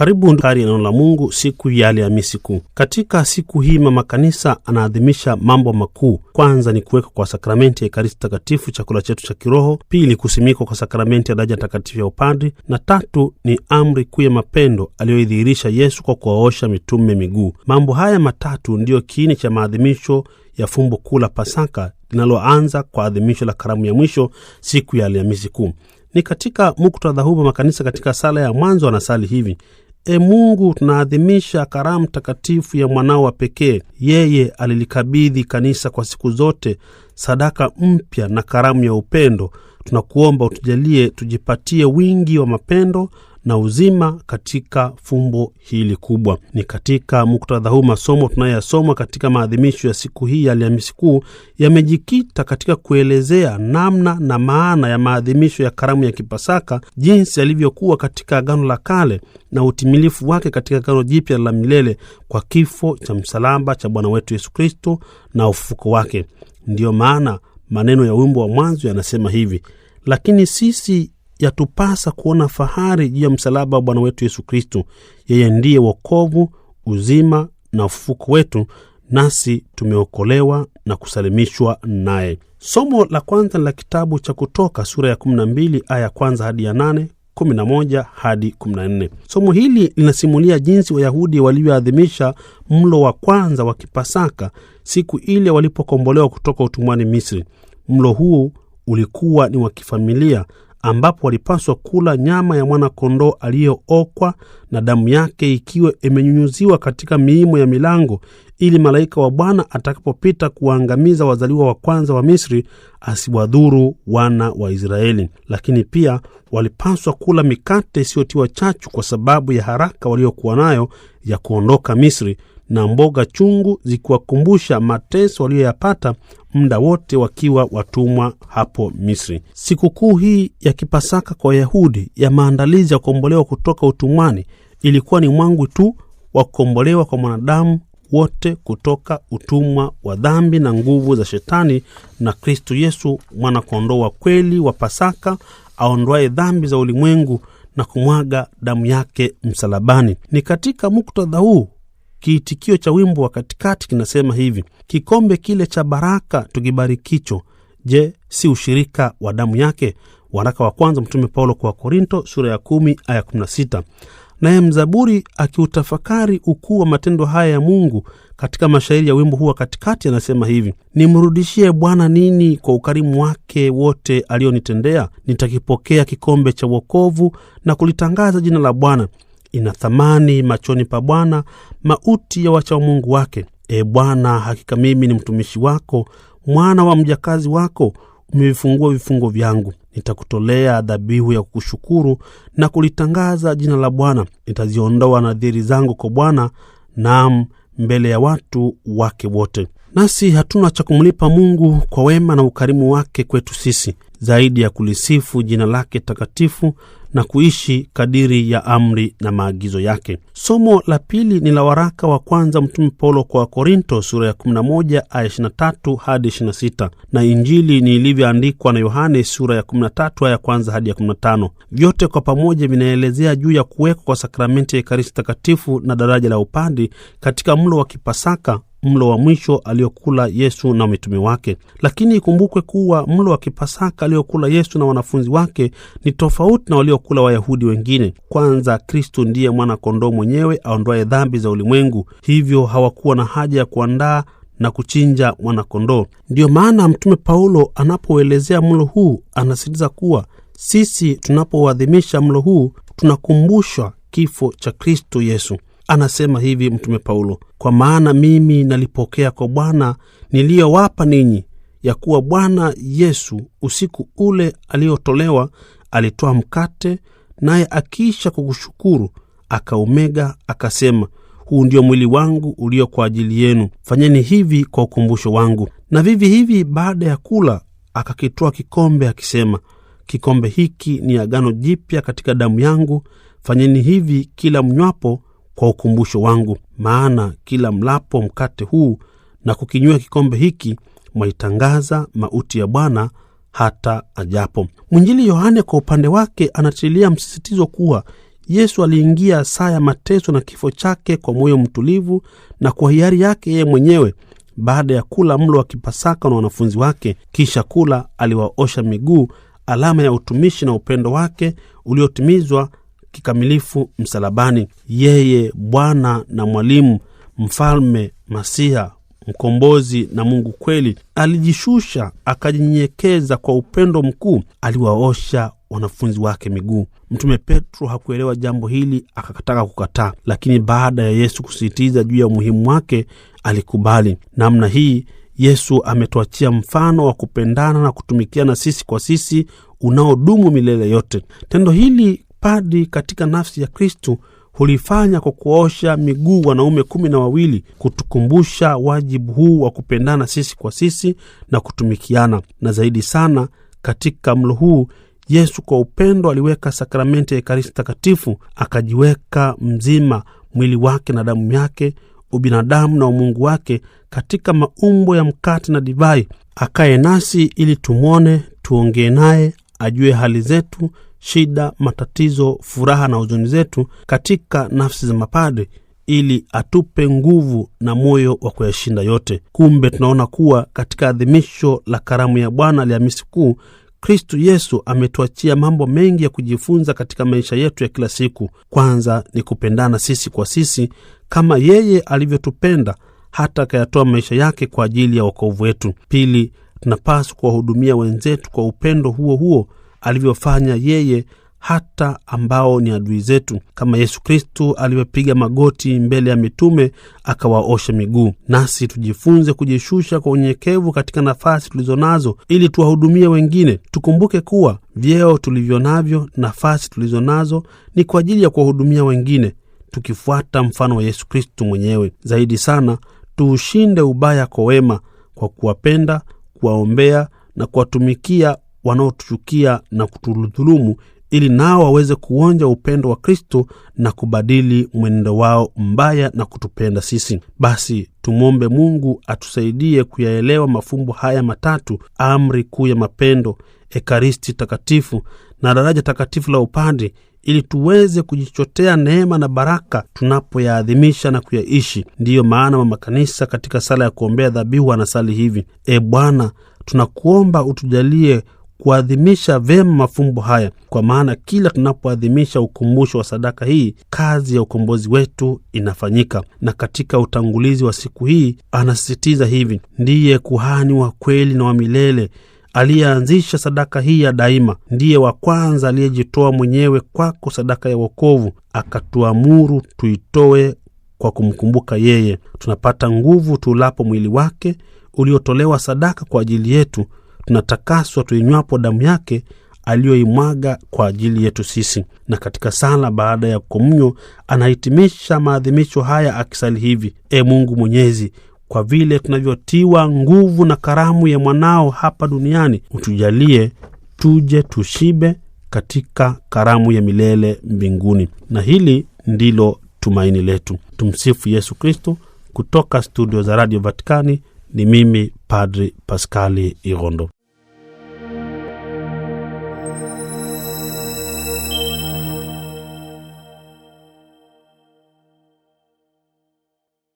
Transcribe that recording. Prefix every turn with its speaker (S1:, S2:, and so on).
S1: karibu kari neno la Mungu siku ya Alhamisi Kuu. Katika siku hii mama kanisa anaadhimisha mambo makuu. Kwanza ni kuwekwa kwa sakramenti ya Ekaristi Takatifu, chakula chetu cha kiroho; pili, kusimikwa kwa sakramenti ya daraja takatifu ya upadri; na tatu ni amri kuu ya mapendo aliyoidhihirisha Yesu kwa kuwaosha mitume miguu. Mambo haya matatu ndiyo kiini cha maadhimisho ya fumbo kuu la Pasaka linaloanza kwa adhimisho la karamu ya mwisho siku ya Alhamisi Kuu. Ni katika muktadha huu makanisa katika sala ya mwanzo anasali hivi: E Mungu, tunaadhimisha karamu takatifu ya mwanao wa pekee. Yeye alilikabidhi kanisa kwa siku zote sadaka mpya na karamu ya upendo. Tunakuomba utujalie tujipatie wingi wa mapendo na uzima katika fumbo hili kubwa. Ni katika muktadha huu masomo tunayoyasoma katika maadhimisho ya siku hii ya liamisi Kuu yamejikita katika kuelezea namna na maana ya maadhimisho ya karamu ya Kipasaka, jinsi yalivyokuwa katika Agano la Kale na utimilifu wake katika Agano Jipya la milele kwa kifo cha msalaba cha Bwana wetu Yesu Kristo na ufufuko wake. Ndiyo maana maneno ya wimbo wa mwanzo yanasema hivi: lakini sisi yatupasa kuona fahari juu ya msalaba wa Bwana wetu Yesu Kristo. Yeye ndiye wokovu, uzima na ufufuko wetu, nasi tumeokolewa na kusalimishwa naye. Somo la kwanza la kitabu cha Kutoka sura ya 12 aya kwanza hadi ya 8 11 hadi 14. Somo hili linasimulia jinsi Wayahudi walivyoadhimisha mlo wa kwanza wa Kipasaka siku ile walipokombolewa kutoka utumwani Misri. Mlo huu ulikuwa ni wa kifamilia ambapo walipaswa kula nyama ya mwana-kondoo aliyookwa na damu yake ikiwa imenyunyuziwa katika miimo ya milango, ili malaika wa Bwana atakapopita kuwaangamiza wazaliwa wa kwanza wa Misri asiwadhuru wana wa Israeli. Lakini pia walipaswa kula mikate isiyotiwa chachu kwa sababu ya haraka waliokuwa nayo ya kuondoka Misri, na mboga chungu zikiwakumbusha mateso waliyoyapata muda wote wakiwa watumwa hapo Misri. Sikukuu hii ya Kipasaka kwa Wayahudi ya maandalizi ya kukombolewa kutoka utumwani ilikuwa ni mwangwi tu wa kukombolewa kwa mwanadamu wote kutoka utumwa wa dhambi na nguvu za Shetani na Kristo Yesu, mwanakondoo wa kweli wa Pasaka aondoaye dhambi za ulimwengu na kumwaga damu yake msalabani. Ni katika muktadha huu Kiitikio cha wimbo wa katikati kinasema hivi: kikombe kile cha baraka tukibarikicho, je, si ushirika wa damu yake? Waraka wa kwanza Mtume Paulo kwa Korinto sura ya aya 16. Naye mzaburi akiutafakari ukuu wa matendo haya ya Mungu katika mashairi ya wimbo huu wa katikati anasema hivi: nimrudishie Bwana nini kwa ukarimu wake wote alionitendea? Nitakipokea kikombe cha uokovu na kulitangaza jina la Bwana ina thamani machoni pa Bwana mauti ya wacha wa Mungu wake. E Bwana, hakika mimi ni mtumishi wako, mwana wa mjakazi wako, umevifungua vifungo vyangu. Nitakutolea dhabihu ya kushukuru na kulitangaza jina la Bwana. Nitaziondoa nadhiri zangu kwa Bwana, nam mbele ya watu wake wote. Nasi hatuna cha kumlipa Mungu kwa wema na ukarimu wake kwetu sisi zaidi ya kulisifu jina lake takatifu na kuishi kadiri ya amri na maagizo yake. Somo la pili ni la waraka wa kwanza Mtume Paulo kwa Wakorinto sura ya 11 aya 23 hadi 26, na Injili ni ilivyoandikwa na Yohane sura ya 13 aya ya kwanza hadi ya 15. Vyote kwa pamoja vinaelezea juu ya kuwekwa kwa sakramenti ya Ekaristi Takatifu na daraja la upadi katika mlo wa Kipasaka mlo wa mwisho aliokula Yesu na mitume wake. Lakini ikumbukwe kuwa mlo wa kipasaka aliokula Yesu na wanafunzi wake ni tofauti na waliokula Wayahudi wengine. Kwanza, Kristu ndiye mwana-kondoo mwenyewe aondoaye dhambi za ulimwengu, hivyo hawakuwa na haja ya kuandaa na kuchinja mwana-kondoo. Ndiyo maana Mtume Paulo anapoelezea mlo huu anasitiza kuwa sisi tunapouadhimisha mlo huu tunakumbushwa kifo cha Kristu Yesu anasema hivi Mtume Paulo, kwa maana mimi nalipokea kwa Bwana niliyowapa ninyi, ya kuwa Bwana Yesu usiku ule aliyotolewa alitoa mkate, naye akiisha kukushukuru akaumega, akasema, huu ndio mwili wangu ulio kwa ajili yenu, fanyeni hivi kwa ukumbusho wangu. Na vivi hivi baada ya kula akakitoa kikombe akisema, kikombe hiki ni agano jipya katika damu yangu, fanyeni hivi kila mnywapo kwa ukumbusho wangu, maana kila mlapo mkate huu na kukinywia kikombe hiki mwaitangaza mauti ya Bwana hata ajapo. Mwinjili Yohane kwa upande wake anatilia msisitizo kuwa Yesu aliingia saa ya mateso na kifo chake kwa moyo mtulivu na kwa hiari yake yeye mwenyewe. Baada ya kula mlo wa Kipasaka na wanafunzi wake, kisha kula, aliwaosha miguu, alama ya utumishi na upendo wake uliotimizwa kikamilifu msalabani. Yeye Bwana na Mwalimu, Mfalme, Masiha, Mkombozi na Mungu kweli, alijishusha akajinyenyekeza kwa upendo mkuu, aliwaosha wanafunzi wake miguu. Mtume Petro hakuelewa jambo hili, akataka kukataa, lakini baada ya Yesu kusisitiza juu ya umuhimu wake, alikubali. Namna hii Yesu ametuachia mfano wa kupendana na kutumikiana sisi kwa sisi unaodumu milele yote. Tendo hili Padri katika nafsi ya Kristu hulifanya kwa kuosha miguu wanaume kumi na wawili kutukumbusha wajibu huu wa kupendana sisi kwa sisi na kutumikiana. Na zaidi sana katika mlo huu Yesu kwa upendo aliweka sakramenti ya Ekaristi Takatifu, akajiweka mzima, mwili wake na damu yake, ubinadamu na umungu wake katika maumbo ya mkate na divai, akaye nasi ili tumwone, tuongee naye, ajue hali zetu shida, matatizo, furaha na huzuni zetu katika nafsi za mapadri ili atupe nguvu na moyo wa kuyashinda yote. Kumbe tunaona kuwa katika adhimisho la karamu ya Bwana aliamisi Kuu, Kristu Yesu ametuachia mambo mengi ya kujifunza katika maisha yetu ya kila siku. Kwanza ni kupendana sisi kwa sisi kama yeye alivyotupenda hata akayatoa maisha yake kwa ajili ya wakovu wetu. Pili, tunapaswa kuwahudumia wenzetu kwa upendo huo huo alivyofanya yeye hata ambao ni adui zetu, kama Yesu Kristu alivyopiga magoti mbele ya mitume akawaosha miguu. Nasi tujifunze kujishusha kwa unyenyekevu katika nafasi tulizo nazo, ili tuwahudumie wengine. Tukumbuke kuwa vyeo tulivyo navyo, nafasi tulizo nazo, ni kwa ajili ya kuwahudumia wengine, tukifuata mfano wa Yesu Kristu mwenyewe. Zaidi sana, tuushinde ubaya kwa wema, kwa kuwapenda, kuwaombea na kuwatumikia wanaotuchukia na kutudhulumu, ili nao waweze kuonja upendo wa Kristo na kubadili mwenendo wao mbaya na kutupenda sisi. Basi tumwombe Mungu atusaidie kuyaelewa mafumbo haya matatu: amri kuu ya mapendo, Ekaristi Takatifu na daraja takatifu la upande ili tuweze kujichotea neema na baraka tunapoyaadhimisha na kuyaishi. Ndiyo maana Mama Kanisa katika sala ya kuombea dhabihu anasali hivi: E Bwana, tunakuomba utujalie kuadhimisha vyema mafumbo haya, kwa maana kila tunapoadhimisha ukumbusho wa sadaka hii, kazi ya ukombozi wetu inafanyika. Na katika utangulizi wa siku hii anasisitiza hivi: ndiye kuhani wa kweli na wa milele aliyeanzisha sadaka hii ya daima, ndiye wa kwanza aliyejitoa mwenyewe kwako sadaka ya wokovu, akatuamuru tuitoe kwa kumkumbuka yeye. Tunapata nguvu tuulapo mwili wake uliotolewa sadaka kwa ajili yetu, tunatakaswa tuinywapo damu yake aliyoimwaga kwa ajili yetu sisi. Na katika sala baada ya komnywa anahitimisha maadhimisho haya akisali hivi: E Mungu Mwenyezi, kwa vile tunavyotiwa nguvu na karamu ya mwanao hapa duniani, utujalie tuje tushibe katika karamu ya milele mbinguni. Na hili ndilo tumaini letu. Tumsifu Yesu Kristo. Kutoka studio za Radio Vatikani ni mimi Padri Paskali Irondo.